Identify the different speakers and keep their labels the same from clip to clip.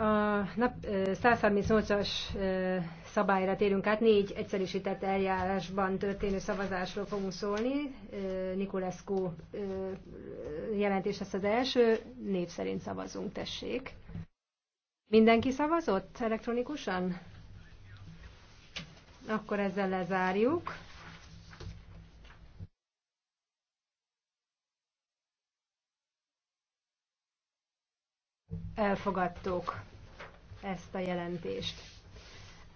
Speaker 1: A nap 138-as szabályra térünk át, négy egyszerűsített eljárásban történő szavazásról fogunk szólni. Nikolescu jelentés lesz az első, név szerint szavazunk, tessék. Mindenki szavazott elektronikusan? Akkor ezzel lezárjuk. Elfogadtuk ezt a jelentést.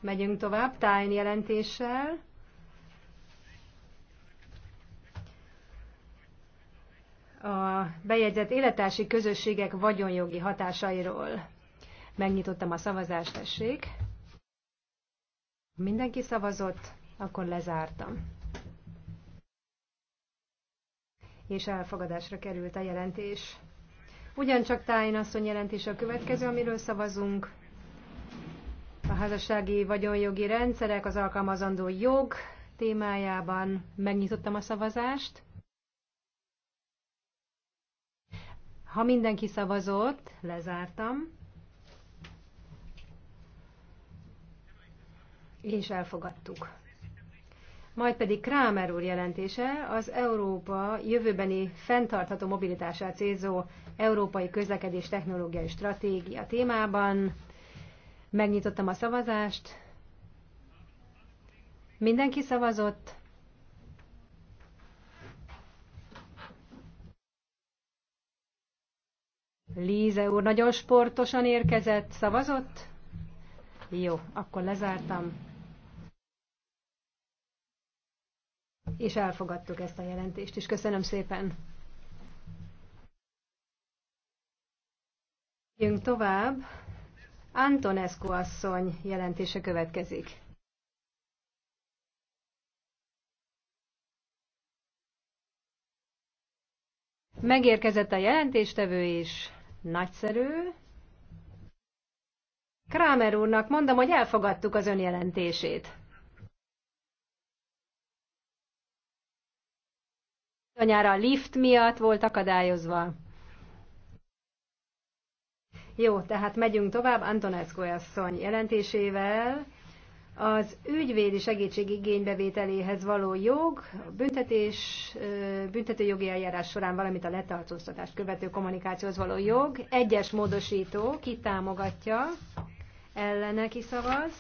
Speaker 1: Megyünk tovább Tájn jelentéssel. A bejegyzett életási közösségek vagyonjogi hatásairól. Megnyitottam a szavazást, tessék. Mindenki szavazott, akkor lezártam. És elfogadásra került a jelentés. Ugyancsak Tájén asszony jelentése a következő, amiről szavazunk a házassági vagyonjogi rendszerek, az alkalmazandó jog témájában megnyitottam a szavazást. Ha mindenki szavazott, lezártam. És elfogadtuk. Majd pedig Krámer úr jelentése az Európa jövőbeni fenntartható mobilitását célzó európai közlekedés technológiai stratégia témában. Megnyitottam a szavazást. Mindenki szavazott. Líze úr nagyon sportosan érkezett, szavazott? Jó, akkor lezártam. És elfogadtuk ezt a jelentést is. Köszönöm szépen. Jöjjünk tovább. Antonescu asszony jelentése következik. Megérkezett a jelentéstevő is. Nagyszerű. Krámer úrnak mondom, hogy elfogadtuk az jelentését. Anyára a lift miatt volt akadályozva. Jó, tehát megyünk tovább Antonescu asszony jelentésével. Az ügyvédi segítség igénybevételéhez való jog, büntetés, büntetőjogi eljárás során, valamint a letartóztatást követő kommunikációhoz való jog, egyes módosító, ki támogatja, ellene kiszavaz,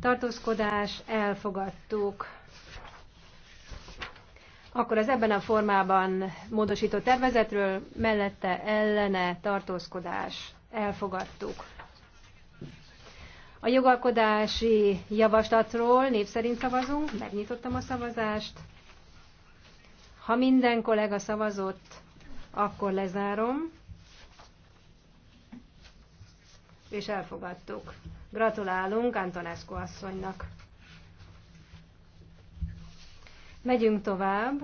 Speaker 1: tartózkodás, elfogadtuk. Akkor az ebben a formában módosított tervezetről mellette ellene tartózkodás elfogadtuk. A jogalkodási javaslatról név szerint szavazunk, megnyitottam a szavazást. Ha minden kollega szavazott, akkor lezárom. És elfogadtuk. Gratulálunk Antonescu asszonynak. Megyünk tovább.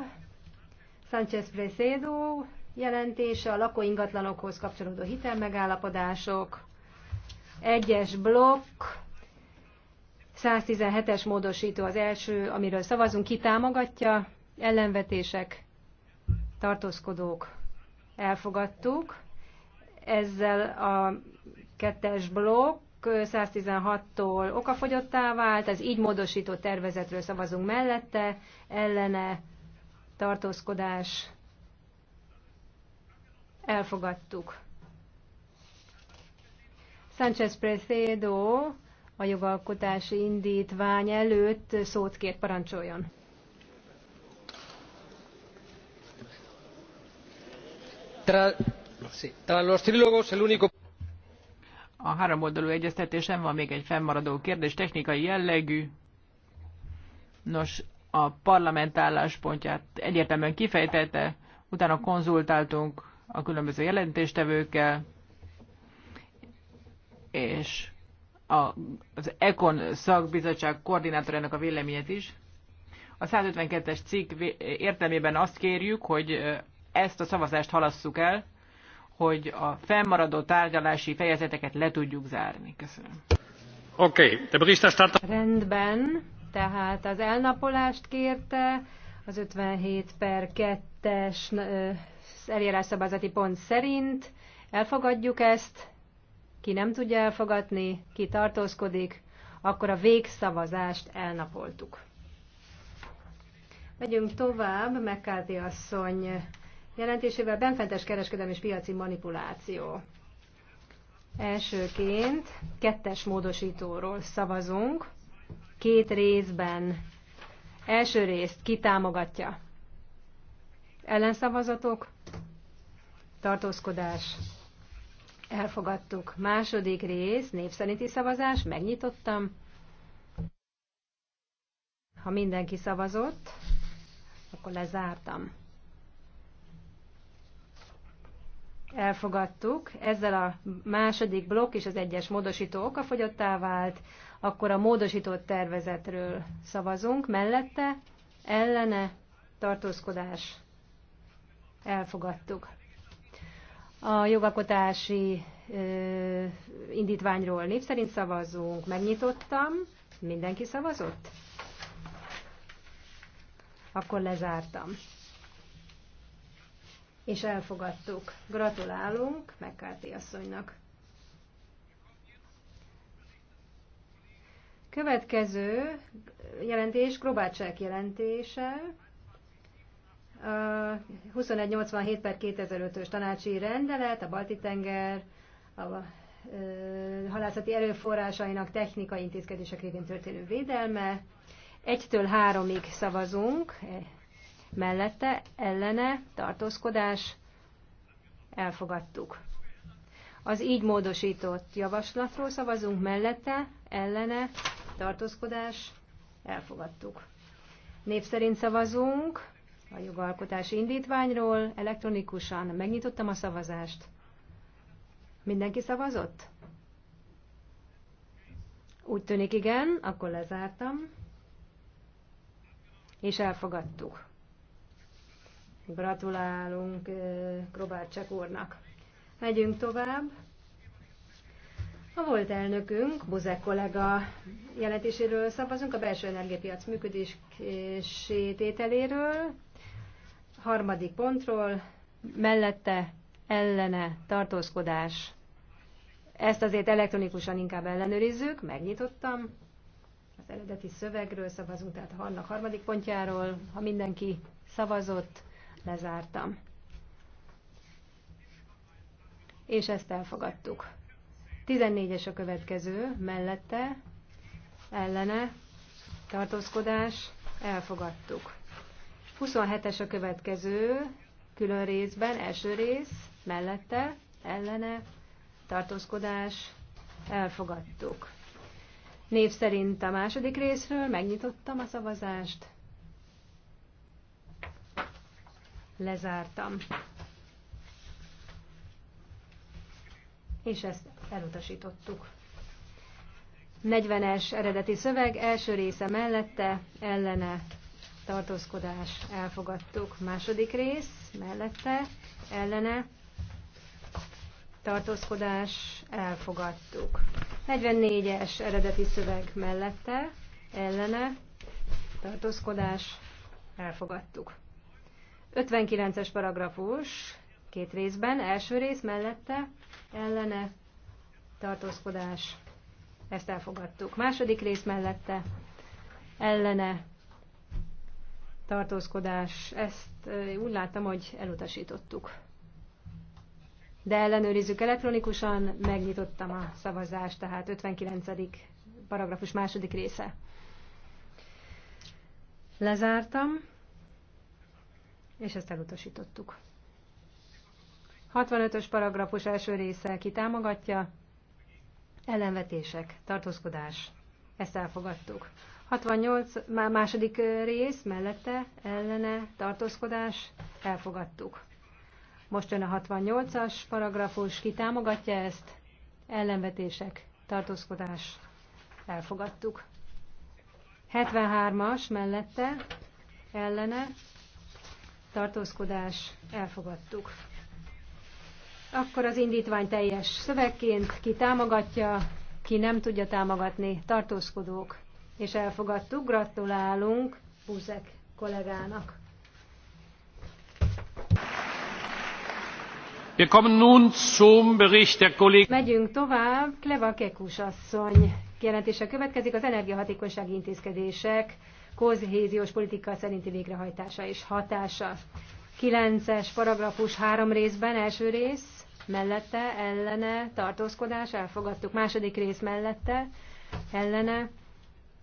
Speaker 1: Sánchez Presedo jelentése a lakóingatlanokhoz kapcsolódó hitelmegállapodások. Egyes blokk. 117-es módosító az első, amiről szavazunk, kitámogatja. ellenvetések, tartózkodók, elfogadtuk. Ezzel a kettes blokk 116-tól okafogyottá vált, Ez így módosított tervezetről szavazunk mellette, ellene tartózkodás elfogadtuk. Sánchez Precedo a jogalkotási indítvány előtt szót kért parancsoljon. Tra, sí, tra los trílogos el único a háromoldalú egyeztetésen van még egy fennmaradó kérdés, technikai jellegű. Nos, a parlament álláspontját egyértelműen kifejtette, utána konzultáltunk a különböző jelentéstevőkkel, és a, az ECON szakbizottság koordinátorának a véleményét is. A 152-es cikk értelmében azt kérjük, hogy ezt a szavazást halasszuk el, hogy a fennmaradó tárgyalási fejezeteket le tudjuk zárni. Köszönöm. Oké, okay. Rendben, tehát az elnapolást kérte az 57 per 2-es eljárásszabályzati pont szerint. Elfogadjuk ezt, ki nem tudja elfogadni, ki tartózkodik, akkor a végszavazást elnapoltuk. Megyünk tovább, McCarthy asszony jelentésével benfentes kereskedelmi és piaci manipuláció. Elsőként kettes módosítóról szavazunk, két részben. Első részt kitámogatja. Ellenszavazatok, tartózkodás, elfogadtuk. Második rész, népszerinti szavazás, megnyitottam. Ha mindenki szavazott, akkor lezártam. elfogadtuk, ezzel a második blokk és az egyes módosító okafogyottá vált, akkor a módosított tervezetről szavazunk, mellette ellene tartózkodás elfogadtuk. A jogakotási ö, indítványról név szerint szavazunk, megnyitottam, mindenki szavazott? Akkor lezártam és elfogadtuk. Gratulálunk McCarthy asszonynak. Következő jelentés, Krobácsák jelentése, 2187 per 2005-ös tanácsi rendelet, a Balti-tenger, a halászati erőforrásainak technikai intézkedések révén történő védelme. Egytől háromig szavazunk, mellette ellene tartózkodás elfogadtuk. Az így módosított javaslatról szavazunk mellette ellene tartózkodás elfogadtuk. Népszerint szavazunk a jogalkotási indítványról, elektronikusan megnyitottam a szavazást. Mindenki szavazott? Úgy tűnik igen, akkor lezártam, és elfogadtuk. Gratulálunk eh, csak úrnak. Megyünk tovább. A volt elnökünk, Buzek kollega jelentéséről szavazunk, a belső energiapiac működésétételéről, harmadik pontról, mellette ellene tartózkodás. Ezt azért elektronikusan inkább ellenőrizzük, megnyitottam. Az eredeti szövegről szavazunk, tehát a harmadik pontjáról, ha mindenki szavazott, lezártam. És ezt elfogadtuk. 14-es a következő, mellette, ellene, tartózkodás, elfogadtuk. 27-es a következő, külön részben, első rész, mellette, ellene, tartózkodás, elfogadtuk. Név szerint a második részről megnyitottam a szavazást. Lezártam. És ezt elutasítottuk. 40-es eredeti szöveg első része mellette, ellene tartózkodás elfogadtuk. Második rész mellette, ellene tartózkodás elfogadtuk. 44-es eredeti szöveg mellette, ellene tartózkodás elfogadtuk. 59-es paragrafus, két részben, első rész mellette, ellene, tartózkodás, ezt elfogadtuk. Második rész mellette, ellene, tartózkodás, ezt úgy láttam, hogy elutasítottuk. De ellenőrizzük elektronikusan, megnyitottam a szavazást, tehát 59. paragrafus második része. Lezártam és ezt elutasítottuk. 65-ös paragrafus első része kitámogatja, ellenvetések, tartózkodás, ezt elfogadtuk. 68 második rész mellette ellene tartózkodás, elfogadtuk. Most jön a 68-as paragrafus, kitámogatja ezt, ellenvetések, tartózkodás, elfogadtuk. 73-as mellette ellene tartózkodás, elfogadtuk. Akkor az indítvány teljes szövegként ki támogatja, ki nem tudja támogatni, tartózkodók. És elfogadtuk, gratulálunk Buzek kollégának. Wir kommen nun zum Bericht der Kollegin. Megyünk tovább, Kleva Kekus asszony jelentése következik az energiahatékonysági intézkedések kohéziós politika szerinti végrehajtása és hatása. 9-es paragrafus három részben, első rész, mellette, ellene, tartózkodás, elfogadtuk. Második rész mellette, ellene,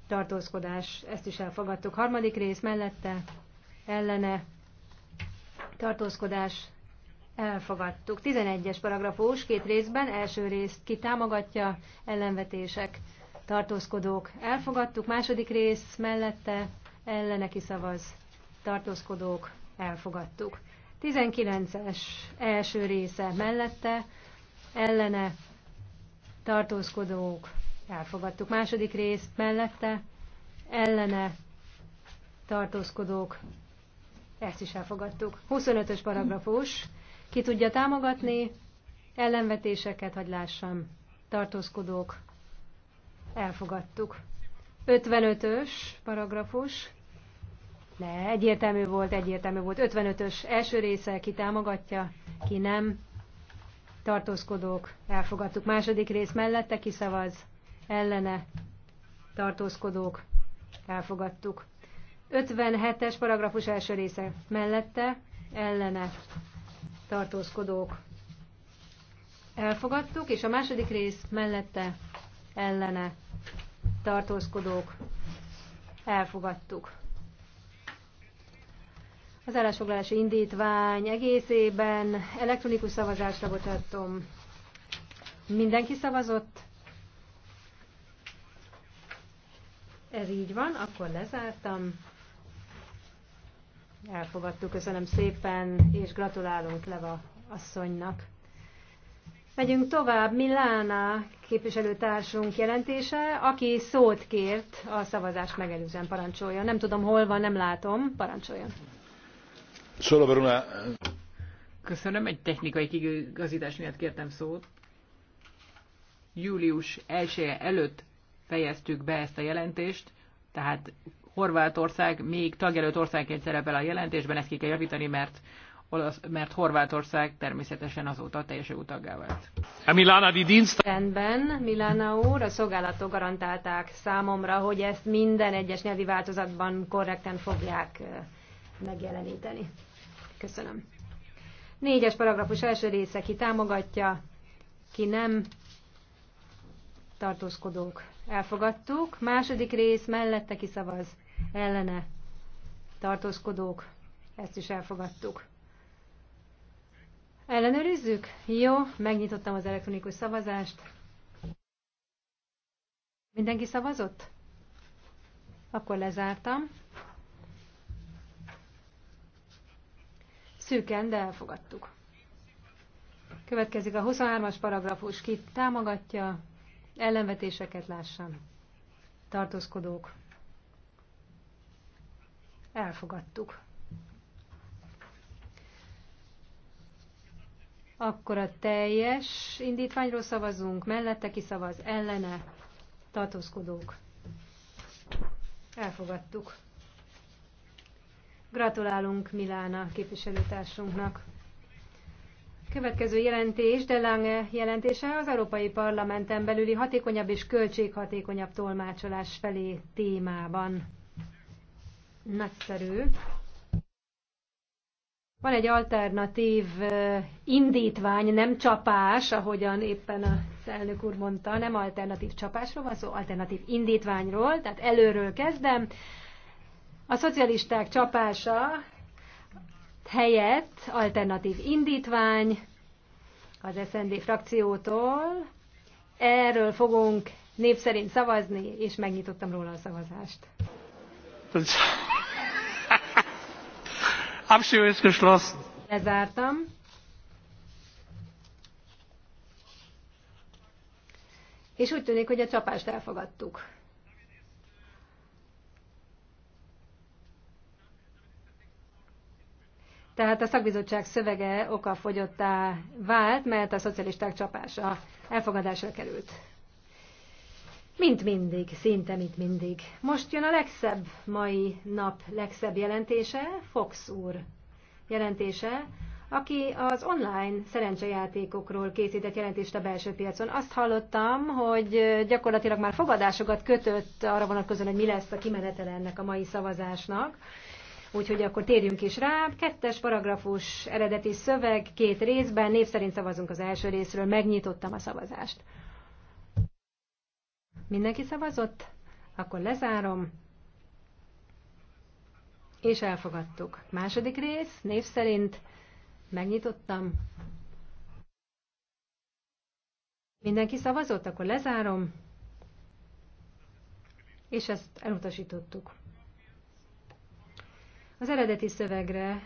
Speaker 1: tartózkodás, ezt is elfogadtuk. Harmadik rész mellette, ellene, tartózkodás, elfogadtuk. 11-es paragrafus, két részben, első részt kitámogatja, ellenvetések, tartózkodók elfogadtuk, második rész mellette ellene kiszavaz, tartózkodók elfogadtuk. 19-es első része mellette ellene tartózkodók elfogadtuk, második rész mellette ellene tartózkodók ezt is elfogadtuk. 25-ös paragrafus. Ki tudja támogatni? Ellenvetéseket, hagy lássam. Tartózkodók Elfogadtuk. 55-ös paragrafus. Ne, egyértelmű volt, egyértelmű volt. 55-ös első része, ki támogatja, ki nem. Tartózkodók, elfogadtuk. Második rész mellette, ki szavaz, ellene. Tartózkodók, elfogadtuk. 57-es paragrafus első része mellette, ellene. Tartózkodók, elfogadtuk, és a második rész mellette, ellene tartózkodók, elfogadtuk. Az állásfoglalási indítvány egészében elektronikus szavazásra botattom. Mindenki szavazott? Ez így van, akkor lezártam. Elfogadtuk, köszönöm szépen, és gratulálunk Leva asszonynak. Megyünk tovább. Milána képviselőtársunk jelentése, aki szót kért a szavazást megelőzően parancsolja. Nem tudom, hol van, nem látom. Parancsoljon. Köszönöm, egy technikai kigazítás miatt kértem szót. Július 1 -e előtt fejeztük be ezt a jelentést, tehát Horvátország még tagjelölt országként szerepel a jelentésben, ezt ki kell javítani, mert olasz, mert Horvátország természetesen azóta teljes EU taggá vált. E Milana di Dinsz... Rendben, Milana úr, a szolgálatok garantálták számomra, hogy ezt minden egyes nyelvi változatban korrekten fogják megjeleníteni. Köszönöm. Négyes paragrafus első része, ki támogatja, ki nem, tartózkodók. Elfogadtuk. Második rész mellette kiszavaz, ellene, tartózkodók. Ezt is elfogadtuk. Ellenőrizzük? Jó, megnyitottam az elektronikus szavazást. Mindenki szavazott? Akkor lezártam. Szűken, de elfogadtuk. Következik a 23-as paragrafus. Ki támogatja? Ellenvetéseket lássam. Tartózkodók. Elfogadtuk. Akkor a teljes indítványról szavazunk, mellette ki szavaz, ellene, tartózkodók. Elfogadtuk. Gratulálunk Milána képviselőtársunknak. Következő jelentés, Delange jelentése az Európai Parlamenten belüli hatékonyabb és költséghatékonyabb tolmácsolás felé témában. Nagyszerű. Van egy alternatív indítvány, nem csapás, ahogyan éppen a elnök úr mondta, nem alternatív csapásról van szó, alternatív indítványról, tehát előről kezdem. A szocialisták csapása helyett alternatív indítvány az SND frakciótól. Erről fogunk név szerint szavazni, és megnyitottam róla a szavazást. Abstimmung ist geschlossen. Lezártam. És úgy tűnik, hogy a csapást elfogadtuk. Tehát a szakbizottság szövege fogyottá vált, mert a szocialisták csapása elfogadásra került. Mint mindig, szinte mint mindig. Most jön a legszebb mai nap legszebb jelentése, Fox úr jelentése, aki az online szerencsejátékokról készített jelentést a belső piacon. Azt hallottam, hogy gyakorlatilag már fogadásokat kötött arra vonatkozóan, hogy mi lesz a kimenetele ennek a mai szavazásnak. Úgyhogy akkor térjünk is rá. Kettes paragrafus eredeti szöveg, két részben, név szerint szavazunk az első részről. Megnyitottam a szavazást. Mindenki szavazott? Akkor lezárom. És elfogadtuk. Második rész, név szerint megnyitottam. Mindenki szavazott? Akkor lezárom. És ezt elutasítottuk. Az eredeti szövegre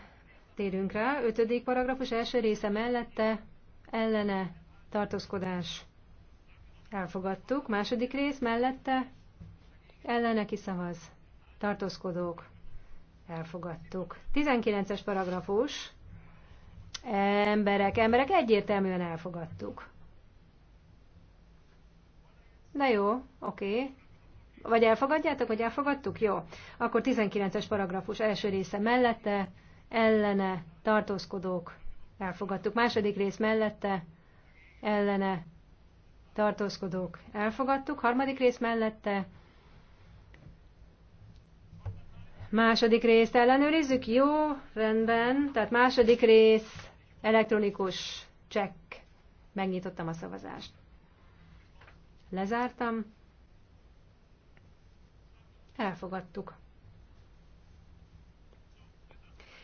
Speaker 1: térünk rá. Ötödik paragrafus első része mellette ellene tartózkodás Elfogadtuk. Második rész mellette ellene kiszavaz. Tartózkodók. Elfogadtuk. 19-es paragrafus. Emberek, emberek, egyértelműen elfogadtuk. Na jó, oké. Vagy elfogadjátok, vagy elfogadtuk? Jó. Akkor 19-es paragrafus első része mellette, ellene, tartózkodók, elfogadtuk. Második rész mellette, ellene, tartózkodók elfogadtuk, harmadik rész mellette második részt ellenőrizzük, jó, rendben, tehát második rész elektronikus csekk. Megnyitottam a szavazást. Lezártam. Elfogadtuk.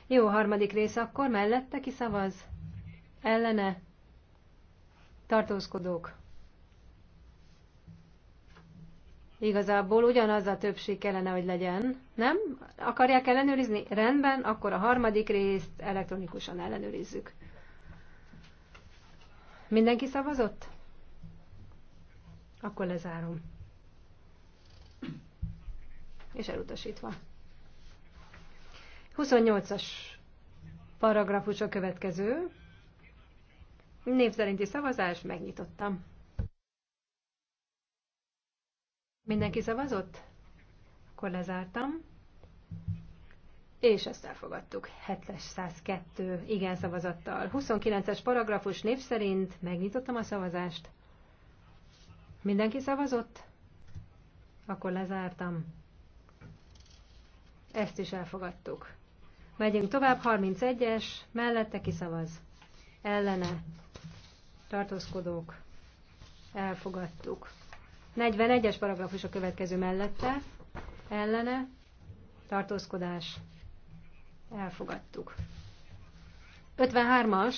Speaker 1: Jó, harmadik rész akkor, mellette ki szavaz? Ellene? Tartózkodók. Igazából ugyanaz a többség kellene, hogy legyen, nem? Akarják ellenőrizni? Rendben, akkor a harmadik részt elektronikusan ellenőrizzük. Mindenki szavazott? Akkor lezárom. És elutasítva. 28-as paragrafus a következő. Név szerinti szavazás, megnyitottam. Mindenki szavazott? Akkor lezártam. És ezt elfogadtuk. 702 igen szavazattal. 29-es paragrafus név szerint megnyitottam a szavazást. Mindenki szavazott? Akkor lezártam. Ezt is elfogadtuk. Megyünk tovább, 31-es, mellette kiszavaz. Ellene. Tartózkodók. Elfogadtuk. 41-es paragrafus a következő mellette, ellene, tartózkodás, elfogadtuk. 53-as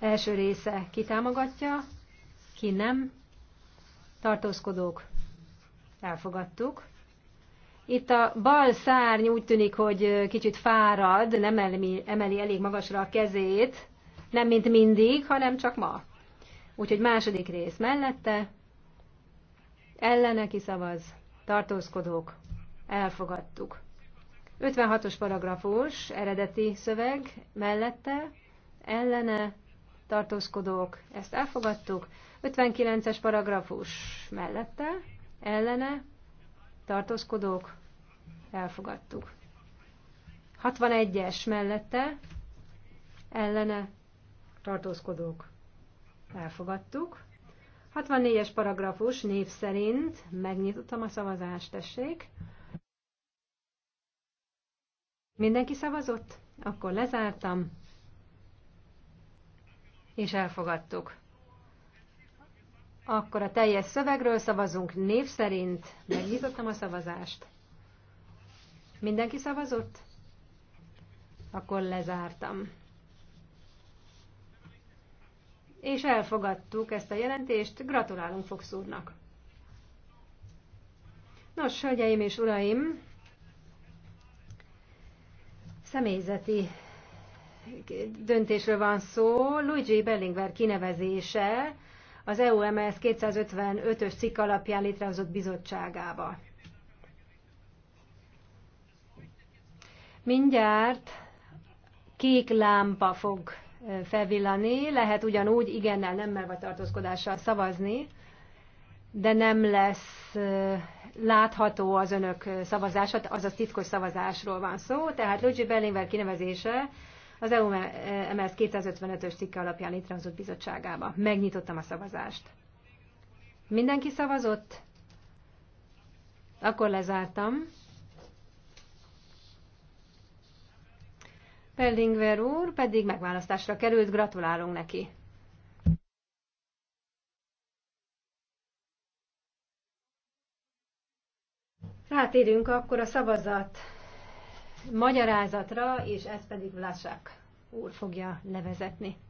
Speaker 1: első része kitámogatja, ki nem, tartózkodók, elfogadtuk. Itt a bal szárny úgy tűnik, hogy kicsit fárad, nem emeli, emeli elég magasra a kezét, nem mint mindig, hanem csak ma. Úgyhogy második rész mellette, ellene kiszavaz, tartózkodók, elfogadtuk. 56-os paragrafus, eredeti szöveg, mellette, ellene, tartózkodók, ezt elfogadtuk. 59-es paragrafus, mellette, ellene, tartózkodók, elfogadtuk. 61-es mellette, ellene, tartózkodók, elfogadtuk. 64-es paragrafus név szerint megnyitottam a szavazást, tessék. Mindenki szavazott? Akkor lezártam, és elfogadtuk. Akkor a teljes szövegről szavazunk név szerint. Megnyitottam a szavazást. Mindenki szavazott? Akkor lezártam és elfogadtuk ezt a jelentést. Gratulálunk Fox úrnak! Nos, hölgyeim és uraim, személyzeti döntésről van szó. Luigi Bellingwer kinevezése az EUMS 255-ös cikk alapján létrehozott bizottságába. Mindjárt kék lámpa fog felvillani, lehet ugyanúgy igennel, nemmel vagy tartózkodással szavazni, de nem lesz látható az önök szavazása, azaz titkos szavazásról van szó, tehát Luigi Berlingver kinevezése az EU MS 255-ös cikke alapján létrehozott bizottságába. Megnyitottam a szavazást. Mindenki szavazott? Akkor lezártam. Pellingver úr pedig megválasztásra került, gratulálunk neki. Rátérünk akkor a szavazat magyarázatra, és ezt pedig Vlasák úr fogja levezetni.